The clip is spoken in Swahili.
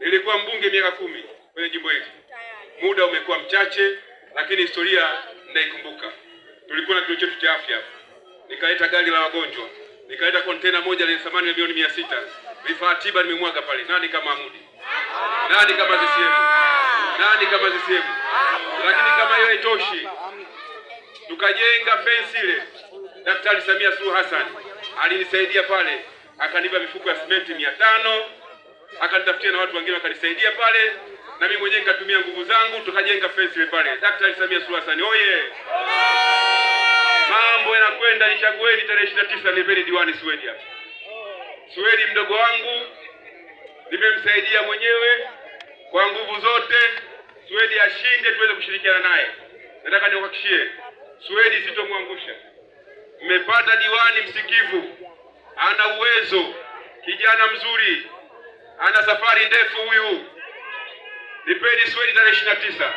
Nilikuwa mbunge miaka kumi kwenye jimbo hili, muda umekuwa mchache, lakini historia naikumbuka. Tulikuwa na kituo chetu cha afya, nikaleta gari la wagonjwa, nikaleta kontena moja lenye thamani ya milioni mia sita vifaa tiba nimemwaga pale. Nani kama Amudi? Nani kama CCM? Nani kama CCM? Lakini kama hiyo haitoshi, tukajenga fensi ile. Daktari Samia Suluhu Hassan alinisaidia pale, akanipa mifuko ya simenti mia tano akanitafutia na watu wengine wakanisaidia pale, na mimi mwenyewe nikatumia nguvu zangu, tukajenga fence pale. Daktari Samia Suluhu Hassan oye! Mambo yanakwenda, nichagueni tarehe 29 nipeni diwani Suwedi hapa. Suwedi mdogo wangu nimemsaidia mwenyewe kwa nguvu zote, Suwedi ashinde, tuweze kushirikiana naye. Nataka niwahakishie Suwedi sitomwangusha. Mmepata diwani msikivu, ana uwezo, kijana mzuri ana safari ndefu huyu. Nipeni swali tarehe ishirini na tisa.